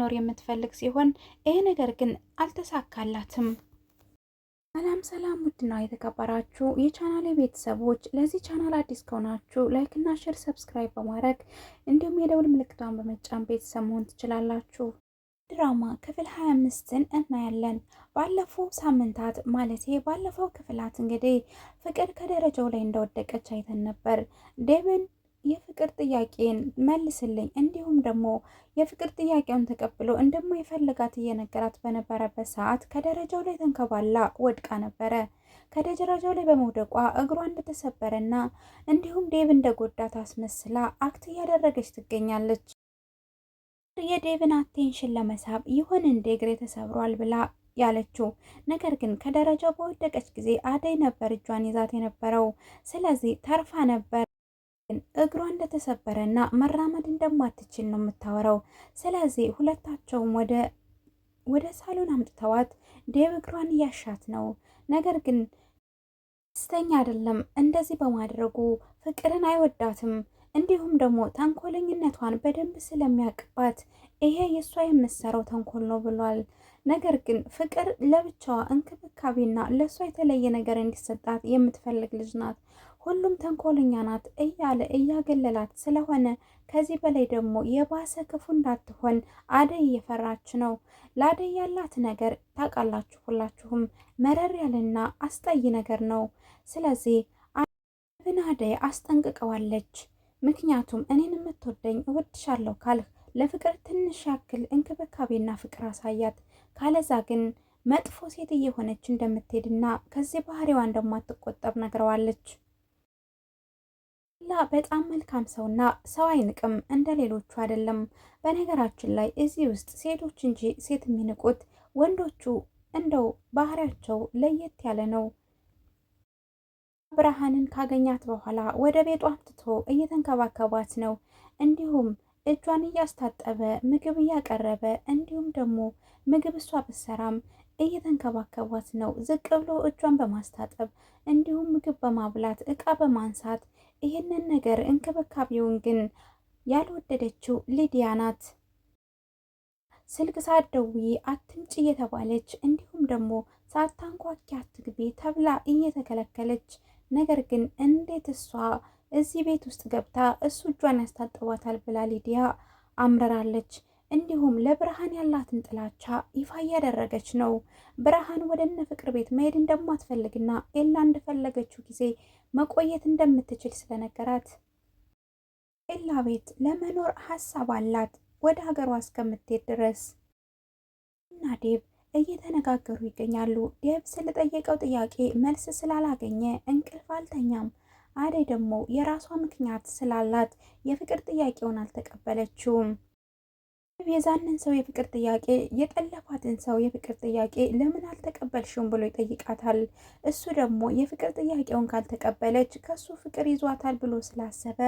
መኖር የምትፈልግ ሲሆን ይሄ ነገር ግን አልተሳካላትም። ሰላም ሰላም! ውድና የተከበራችሁ የቻናሌ ቤተሰቦች ለዚህ ቻናል አዲስ ከሆናችሁ ላይክና ሼር፣ ሰብስክራይብ በማድረግ እንዲሁም የደውል ምልክቷን በመጫን ቤተሰብ መሆን ትችላላችሁ። ድራማ ክፍል 25ን እናያለን። ባለፈው ሳምንታት ማለቴ ባለፈው ክፍላት እንግዲህ ፍቅር ከደረጃው ላይ እንደወደቀች አይተን ነበር። ዴብን የፍቅር ጥያቄን መልስልኝ እንዲሁም ደግሞ የፍቅር ጥያቄውን ተቀብሎ እንደማይፈልጋት እየነገራት በነበረበት ሰዓት ከደረጃው ላይ ተንከባላ ወድቃ ነበረ። ከደረጃው ላይ በመውደቋ እግሯ እንደተሰበረና እንዲሁም ዴቭ እንደጎዳት አስመስላ አክት እያደረገች ትገኛለች። የዴቭን አቴንሽን ለመሳብ ይሁን እንዴ እግሬ ተሰብሯል ብላ ያለችው ነገር ግን ከደረጃው በወደቀች ጊዜ አደይ ነበር እጇን ይዛት የነበረው። ስለዚህ ተርፋ ነበር። እግሯ እንደተሰበረና መራመድ እንደማትችል ነው የምታወራው። ስለዚህ ሁለታቸውም ወደ ወደ ሳሎን አምጥተዋት ዴብ እግሯን እያሻት ነው። ነገር ግን ደስተኛ አይደለም። እንደዚህ በማድረጉ ፍቅርን አይወዳትም። እንዲሁም ደግሞ ተንኮለኝነቷን በደንብ ስለሚያውቅባት ይሄ የእሷ የምትሰራው ተንኮል ነው ብሏል። ነገር ግን ፍቅር ለብቻዋ እንክብካቤና ለእሷ የተለየ ነገር እንዲሰጣት የምትፈልግ ልጅ ናት። ሁሉም ተንኮለኛ ናት እያለ እያገለላት ስለሆነ ከዚህ በላይ ደግሞ የባሰ ክፉ እንዳትሆን አደይ እየፈራች ነው። ለአደይ ያላት ነገር ታውቃላችሁ ሁላችሁም፣ መረር ያለና አስጠይ ነገር ነው። ስለዚህ አብን አደይ አስጠንቅቀዋለች። ምክንያቱም እኔን የምትወደኝ እወድሻለሁ ካልህ ለፍቅር ትንሽ ያክል እንክብካቤና ፍቅር አሳያት፣ ካለዛ ግን መጥፎ ሴት እየሆነች እንደምትሄድና ከዚህ ባህሪዋ እንደማትቆጠብ ነግረዋለች። ላ በጣም መልካም ሰውና ሰው አይንቅም፣ እንደ ሌሎቹ አይደለም። በነገራችን ላይ እዚህ ውስጥ ሴቶች እንጂ ሴት የሚንቁት ወንዶቹ እንደው ባህሪያቸው ለየት ያለ ነው። ብርሃንን ካገኛት በኋላ ወደ ቤቱ አምጥቶ እየተንከባከባት ነው። እንዲሁም እጇን እያስታጠበ ምግብ እያቀረበ እንዲሁም ደግሞ ምግብ እሷ ብትሰራም እየተንከባከቧት ነው። ዝቅ ብሎ እጇን በማስታጠብ እንዲሁም ምግብ በማብላት እቃ በማንሳት ይህንን ነገር እንክብካቤውን ግን ያልወደደችው ሊዲያ ናት። ስልክ ሳደዊ አትምጭ እየተባለች እንዲሁም ደግሞ ሳታንኳኪ አትግቢ ተብላ እየተከለከለች ነገር ግን እንዴት እሷ እዚህ ቤት ውስጥ ገብታ እሱ እጇን ያስታጥባታል ብላ ሊዲያ አምረራለች። እንዲሁም ለብርሃን ያላትን ጥላቻ ይፋ እያደረገች ነው። ብርሃን ወደ እነ ፍቅር ቤት መሄድ እንደማትፈልግና ኤላ እንደፈለገችው ጊዜ መቆየት እንደምትችል ስለነገራት ኤላ ቤት ለመኖር ሀሳብ አላት ወደ ሀገሯ እስከምትሄድ ድረስ እና ዴብ እየተነጋገሩ ይገኛሉ። ዴብ ስለጠየቀው ጥያቄ መልስ ስላላገኘ እንቅልፍ አልተኛም። አደይ ደግሞ የራሷ ምክንያት ስላላት የፍቅር ጥያቄውን አልተቀበለችውም። የዛንን ሰው የፍቅር ጥያቄ የጠለፋትን ሰው የፍቅር ጥያቄ ለምን አልተቀበልሽም ብሎ ይጠይቃታል። እሱ ደግሞ የፍቅር ጥያቄውን ካልተቀበለች ከሱ ፍቅር ይዟታል ብሎ ስላሰበ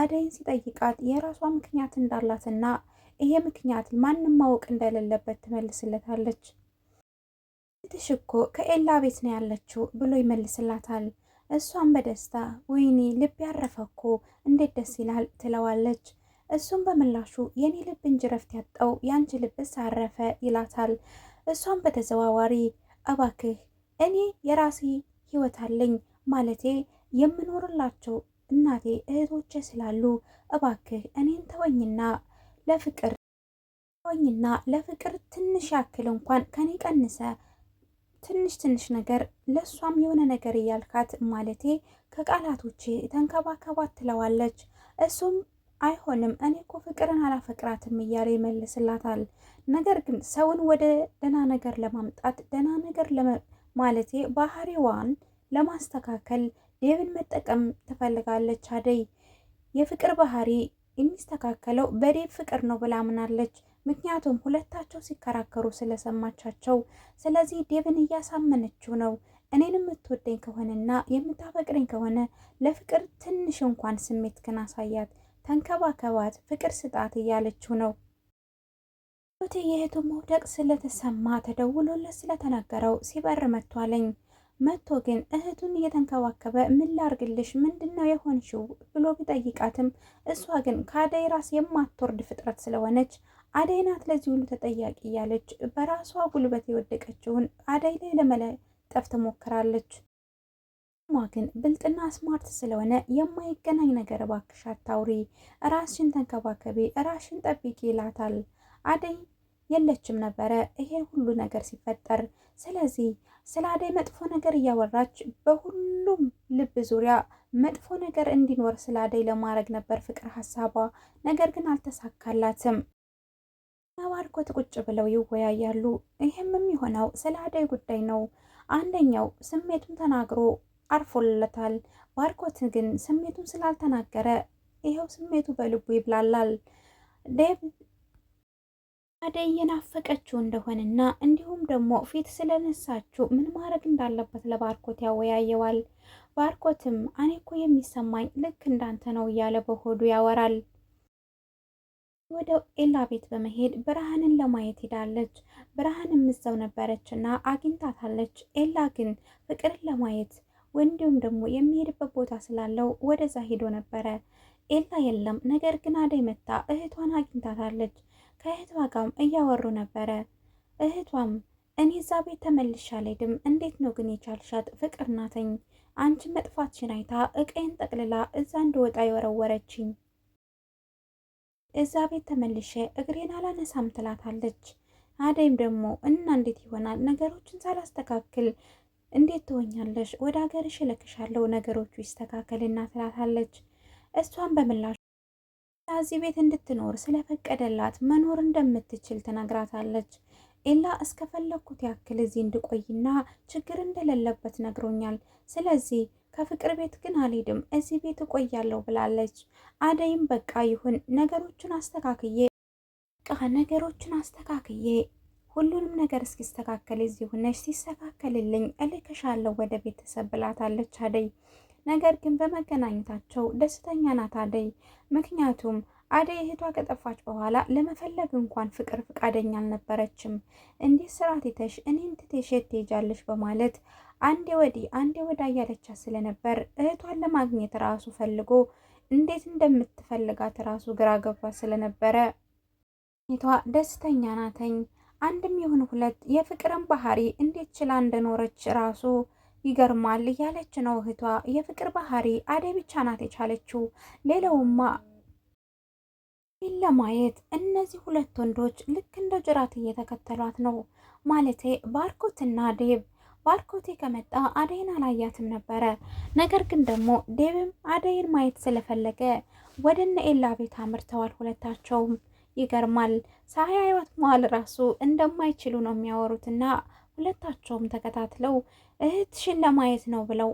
አደይን ሲጠይቃት የራሷ ምክንያት እንዳላትና ይሄ ምክንያት ማንም ማወቅ እንደሌለበት ትመልስለታለች። ትሽ እኮ ከኤላ ቤት ነው ያለችው ብሎ ይመልስላታል። እሷን በደስታ ወይኔ ልብ ያረፈ እንዴት ደስ ይላል ትለዋለች። እሱም በምላሹ የኔ ልብ እንጂ ረፍት ያጣው የአንቺ ልብስ አረፈ ይላታል። እሷም በተዘዋዋሪ እባክህ እኔ የራሴ ህይወት አለኝ ማለቴ የምኖርላቸው እናቴ እህቶቼ ስላሉ እባክህ እኔን ተወኝና ለፍቅር ተወኝና ለፍቅር ትንሽ ያክል እንኳን ከኔ ቀንሰ ትንሽ ትንሽ ነገር ለእሷም የሆነ ነገር እያልካት ማለቴ ከቃላቶቼ ተንከባከባት ትለዋለች። እሱም አይሆንም እኔ እኮ ፍቅርን አላፈቅራትም እያለ ይመልስላታል። ነገር ግን ሰውን ወደ ደህና ነገር ለማምጣት ደህና ነገር ማለቴ ባህሪዋን ለማስተካከል ዴብን መጠቀም ትፈልጋለች። አደይ የፍቅር ባህሪ የሚስተካከለው በዴብ ፍቅር ነው ብላ አምናለች። ምክንያቱም ሁለታቸው ሲከራከሩ ስለሰማቻቸው፣ ስለዚህ ዴብን እያሳመነችው ነው። እኔን የምትወደኝ ከሆነና የምታፈቅረኝ ከሆነ ለፍቅር ትንሽ እንኳን ስሜት ግን አሳያት ተንከባከባት፣ ፍቅር ስጣት እያለችው ነው። ቴ የእህቱ መውደቅ ስለተሰማ ተደውሎለት ስለተነገረው ሲበር መጥቷለኝ። መጥቶ ግን እህቱን እየተንከባከበ ምን ላርግልሽ፣ ምንድነው የሆንሽው ብሎ ቢጠይቃትም እሷ ግን ከአደይ ራስ የማትወርድ ፍጥረት ስለሆነች አደይ ናት ለዚህ ሁሉ ተጠያቂ እያለች በራሷ ጉልበት የወደቀችውን አደይ ላይ ለመለጠፍ ትሞክራለች። ማ ግን ብልጥና ስማርት ስለሆነ የማይገናኝ ነገር እባክሽ አታውሪ፣ ራስሽን ተንከባከቢ፣ ራስሽን ጠብቂ ይላታል። አደይ የለችም ነበረ ይሄ ሁሉ ነገር ሲፈጠር። ስለዚህ ስለ አደይ መጥፎ ነገር እያወራች በሁሉም ልብ ዙሪያ መጥፎ ነገር እንዲኖር ስለ አደይ ለማድረግ ነበር ፍቅር ሀሳቧ። ነገር ግን አልተሳካላትም። ባርኮት ቁጭ ብለው ይወያያሉ። ይህም የሚሆነው ስለ አደይ ጉዳይ ነው። አንደኛው ስሜቱን ተናግሮ አርፎለታል። ባርኮት ግን ስሜቱን ስላልተናገረ ይኸው ስሜቱ በልቡ ይብላላል። ዴቭ አደይ የናፈቀችው እንደሆነና እንዲሁም ደግሞ ፊት ስለነሳችው ምን ማድረግ እንዳለበት ለባርኮት ያወያየዋል። ባርኮትም እኔ እኮ የሚሰማኝ ልክ እንዳንተ ነው እያለ በሆዱ ያወራል። ወደ ኤላ ቤት በመሄድ ብርሃንን ለማየት ሄዳለች። ብርሃን እምዛው ነበረች እና አግኝታታለች። ኤላ ግን ፍቅርን ለማየት ወንድም ደግሞ የሚሄድበት ቦታ ስላለው ወደዛ ሄዶ ነበረ። ኤላ የለም። ነገር ግን አደይ መታ እህቷን አግኝታታለች። ከእህቷ ጋርም እያወሩ ነበረ። እህቷም እኔ እዛ ቤት ተመልሻ አልሄድም። እንዴት ነው ግን የቻልሻት? ፍቅር ናተኝ አንቺ መጥፋትሽን አይታ እቀይን ጠቅልላ እዛ እንድወጣ የወረወረችኝ። እዛ ቤት ተመልሼ እግሬን አላነሳም ትላታለች። አደይም ደግሞ እና እንዴት ይሆናል ነገሮችን ሳላስተካክል እንዴት ትሆኛለሽ? ወደ ሀገርሽ እልክሻለሁ፣ ነገሮቹ ይስተካከልና ትላታለች። እሷን በምላሽ እዚህ ቤት እንድትኖር ስለፈቀደላት መኖር እንደምትችል ትነግራታለች። ኤላ እስከፈለግኩት ያክል እዚህ እንድቆይና ችግር እንደሌለበት ነግሮኛል። ስለዚህ ከፍቅር ቤት ግን አልሄድም፣ እዚህ ቤት እቆያለሁ ብላለች። አደይም በቃ ይሁን ነገሮችን አስተካክዬ በቃ ነገሮችን አስተካክዬ ሁሉንም ነገር እስኪስተካከል እዚህ ሁነሽ ሲስተካከልልኝ እልክሻለሁ ወደ ቤተሰብ ብላታለች አደይ። ነገር ግን በመገናኘታቸው ደስተኛ ናት አደይ። ምክንያቱም አደይ እህቷ ከጠፋች በኋላ ለመፈለግ እንኳን ፍቅር ፍቃደኛ አልነበረችም። እንዲህ ስራ ትተሽ እኔን ትተሽ ትሄጃለሽ? በማለት አንዴ ወዲህ አንዴ ወዳ እያለቻት ስለነበር እህቷን ለማግኘት ራሱ ፈልጎ እንዴት እንደምትፈልጋት ራሱ ግራ ገባ ስለነበረ እህቷ ደስተኛ ናተኝ አንድም ይሁን ሁለት የፍቅርን ባህሪ እንዴት ችላ እንደኖረች ራሱ ይገርማል እያለች ነው እህቷ። የፍቅር ባህሪ አደይ ብቻ ናት የቻለችው። ሌላውማ ለማየት እነዚህ ሁለት ወንዶች ልክ እንደ ጅራት እየተከተሏት ነው። ማለቴ ባርኮትና ዴብ። ባርኮቴ ከመጣ አደይን አላያትም ነበረ። ነገር ግን ደግሞ ዴብም አደይን ማየት ስለፈለገ ወደ እነ ኤላ ቤት አምርተዋል ሁለታቸውም። ይገርማል። ፀሐይ መዋል ራሱ እንደማይችሉ ነው የሚያወሩትና ሁለታቸውም ተከታትለው እህትሽን ለማየት ነው ብለው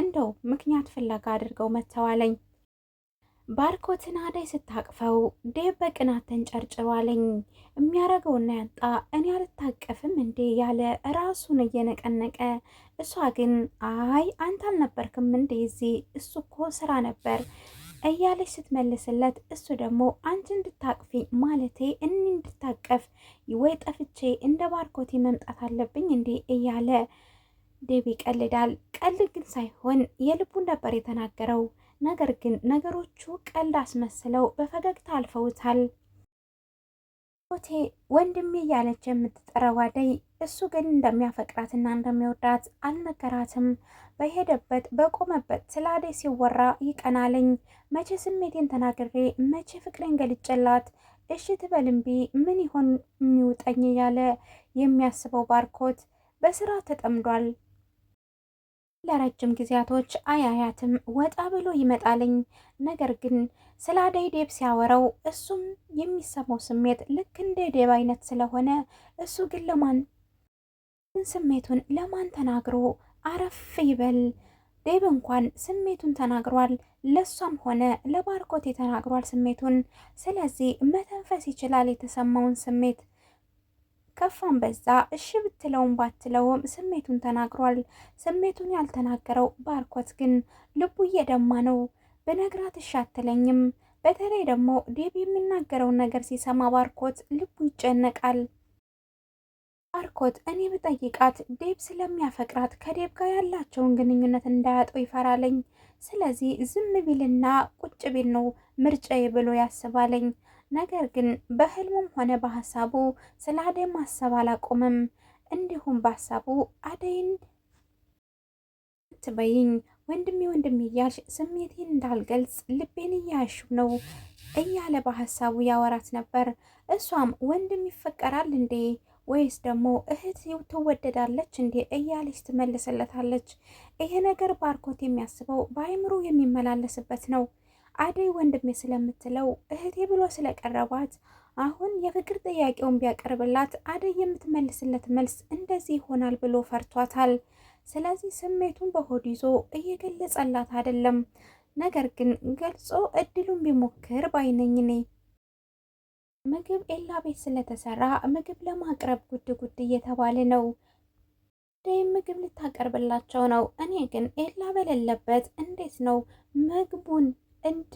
እንደው ምክንያት ፍለጋ አድርገው መተዋለኝ። ባርኮትን አደይ ስታቅፈው ዴ በቅናት ተንጨርጭሯለኝ። የሚያረገውና ያጣ እኔ አልታቀፍም እንዴ ያለ ራሱን እየነቀነቀ፣ እሷ ግን አይ አንተ አልነበርክም እንዴ እዚህ እሱ እኮ ስራ ነበር እያለች ስትመልስለት እሱ ደግሞ አንቺ እንድታቅፊ ማለቴ እኔ እንድታቀፍ ወይ ጠፍቼ እንደ ባርኮቴ መምጣት አለብኝ እንዴ እያለ ዴቪ ይቀልዳል። ቀልድ ግን ሳይሆን የልቡን ነበር የተናገረው። ነገር ግን ነገሮቹ ቀልድ አስመስለው በፈገግታ አልፈውታል። ቴ ወንድሜ እያለች የምትጠራው አደይ እሱ ግን እንደሚያፈቅራትና እንደሚወዳት አልነገራትም። በሄደበት በቆመበት ስለ አደይ ሲወራ ይቀናለኝ። መቼ ስሜቴን ተናግሬ መቼ ፍቅሬን ገልጭላት እሺ ትበልምቢ ምን ይሆን የሚውጠኝ እያለ የሚያስበው ባርኮት በስራ ተጠምዷል። ለረጅም ጊዜያቶች አያያትም። ወጣ ብሎ ይመጣልኝ። ነገር ግን ስለ አደይ ዴብ ሲያወራው እሱም የሚሰማው ስሜት ልክ እንደ ዴብ አይነት ስለሆነ እሱ ግን ለማን ስሜቱን ለማን ተናግሮ አረፍ ይበል? ዴብ እንኳን ስሜቱን ተናግሯል። ለሷም ሆነ ለባርኮቴ ተናግሯል ስሜቱን። ስለዚህ መተንፈስ ይችላል የተሰማውን ስሜት ከፋም በዛ እሺ ብትለውም ባትለውም ስሜቱን ተናግሯል። ስሜቱን ያልተናገረው ባርኮት ግን ልቡ እየደማ ነው። ብነግራት እሺ አትለኝም። በተለይ ደግሞ ዴብ የሚናገረውን ነገር ሲሰማ ባርኮት ልቡ ይጨነቃል። ባርኮት እኔ ብጠይቃት ዴብ ስለሚያፈቅራት ከዴብ ጋር ያላቸውን ግንኙነት እንዳያጠው ይፈራለኝ። ስለዚህ ዝም ቢልና ቁጭ ቢል ነው ምርጫዬ ብሎ ያስባለኝ። ነገር ግን በህልሙም ሆነ በሀሳቡ ስለ አደይ ማሰብ አላቆመም። እንዲሁም በሀሳቡ አደይን ትበይኝ ወንድሜ ወንድሜ እያልሽ ስሜቴን እንዳልገልጽ ልቤን እያያሽው ነው እያለ በሀሳቡ ያወራት ነበር። እሷም ወንድም ይፈቀራል እንዴ ወይስ ደግሞ እህት ትወደዳለች እንዴ እያለች ትመልስለታለች። ይሄ ነገር ባርኮት የሚያስበው በአይምሮ የሚመላለስበት ነው። አደይ ወንድሜ ስለምትለው እህቴ ብሎ ስለቀረባት አሁን የፍቅር ጥያቄውን ቢያቀርብላት አደይ የምትመልስለት መልስ እንደዚህ ይሆናል ብሎ ፈርቷታል። ስለዚህ ስሜቱን በሆድ ይዞ እየገለጸላት አይደለም፣ ነገር ግን ገልጾ እድሉን ቢሞክር ባይነኝ እኔ ምግብ ኤላ ቤት ስለተሰራ ምግብ ለማቅረብ ጉድ ጉድ እየተባለ ነው። አደይም ምግብ ልታቀርብላቸው ነው። እኔ ግን ኤላ በሌለበት እንዴት ነው ምግቡን እንዴ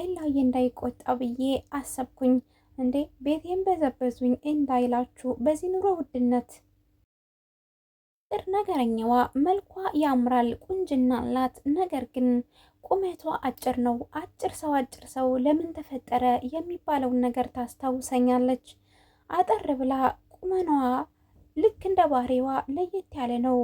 ኤላዬ እንዳይቆጣ ብዬ አሰብኩኝ። እንዴ ቤቴን በዘበዙኝ እንዳይላችሁ በዚህ ኑሮ ውድነት ጥር ነገረኛዋ መልኳ ያምራል፣ ቁንጅና አላት። ነገር ግን ቁመቷ አጭር ነው። አጭር ሰው አጭር ሰው ለምን ተፈጠረ የሚባለውን ነገር ታስታውሰኛለች። አጠር ብላ ቁመኗ ልክ እንደ ባህሪዋ ለየት ያለ ነው።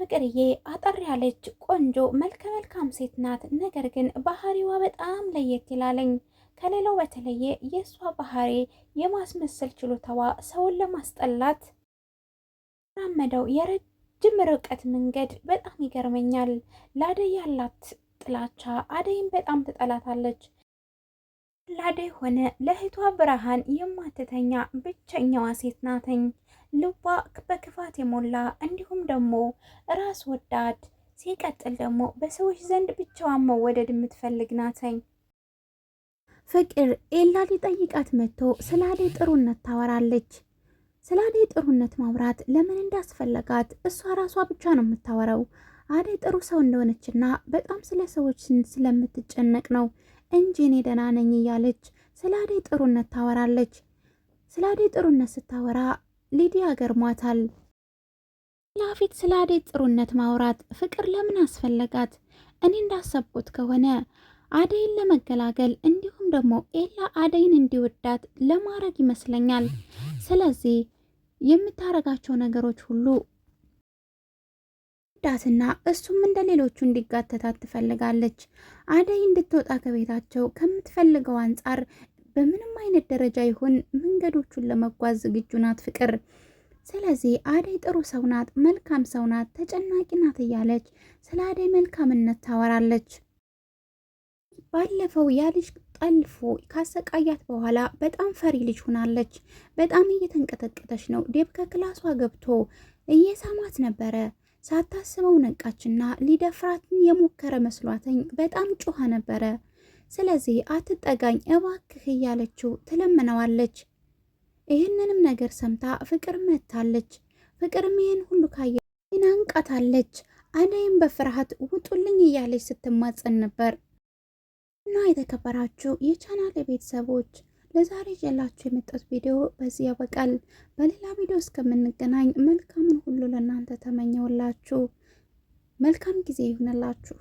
ፍቅርዬ አጠር ያለች ቆንጆ መልከ መልካም ሴት ናት። ነገር ግን ባህሪዋ በጣም ለየት ይላለኝ። ከሌላው በተለየ የእሷ ባህሪ የማስመሰል ችሎታዋ ሰውን ለማስጠላት ራመደው የረጅም ርቀት መንገድ በጣም ይገርመኛል። ላደ ያላት ጥላቻ አደይም በጣም ትጠላታለች። ላደ ሆነ ለእህቷ ብርሃን የማትተኛ ብቸኛዋ ሴት ናትኝ። ልቧ በክፋት የሞላ እንዲሁም ደግሞ ራስ ወዳድ ሲቀጥል ደግሞ በሰዎች ዘንድ ብቻዋን መወደድ የምትፈልግ ናተኝ። ፍቅር ኤላ ሊጠይቃት መጥቶ ስለ ጥሩነት ታወራለች። ስለ ጥሩነት ማውራት ለምን እንዳስፈለጋት እሷ ራሷ ብቻ ነው የምታወራው። አደ ጥሩ ሰው እንደሆነችና በጣም ስለ ሰዎች ስለምትጨነቅ ነው እንጂ እኔ ደህና ነኝ እያለች ስለ ጥሩነት ታወራለች። ስለ ጥሩነት ስታወራ ሊዲያ ገርሟታል። ናፊት ስለ አደይ ጥሩነት ማውራት ፍቅር ለምን አስፈለጋት? እኔ እንዳሰብኩት ከሆነ አደይን ለመገላገል እንዲሁም ደግሞ ኤላ አደይን እንዲወዳት ለማድረግ ይመስለኛል። ስለዚህ የምታረጋቸው ነገሮች ሁሉ ዳትና እሱም እንደ ሌሎቹ እንዲጋተታት ትፈልጋለች። አደይ እንድትወጣ ከቤታቸው ከምትፈልገው አንጻር በምንም አይነት ደረጃ ይሁን መንገዶቹን ለመጓዝ ዝግጁ ናት ፍቅር። ስለዚህ አደይ ጥሩ ሰው ናት፣ መልካም ሰው ናት፣ ተጨናቂ ናት እያለች ስለ አደይ መልካምነት ታወራለች። ባለፈው ያ ልጅ ጠልፎ ካሰቃያት በኋላ በጣም ፈሪ ልጅ ሆናለች። በጣም እየተንቀጠቀጠች ነው። ዴብ ከክላሷ ገብቶ እየሳማት ነበረ። ሳታስበው ነቃችና ሊደፍራትን የሞከረ መስሏትኝ በጣም ጮኸ ነበረ። ስለዚህ አትጠጋኝ እባክህ እያለችው ትለምነዋለች። ይህንንም ነገር ሰምታ ፍቅር መታለች። ፍቅርም ይህን ሁሉ ካየ ይናንቃታለች። አደይም በፍርሃት ውጡልኝ እያለች ስትማጸን ነበር። እና የተከበራችሁ የቻናል ቤተሰቦች ለዛሬ ጀላችሁ የመጣሁት ቪዲዮ በዚህ ያበቃል። በሌላ ቪዲዮ እስከምንገናኝ መልካምን ሁሉ ለእናንተ ተመኘውላችሁ። መልካም ጊዜ ይሁንላችሁ።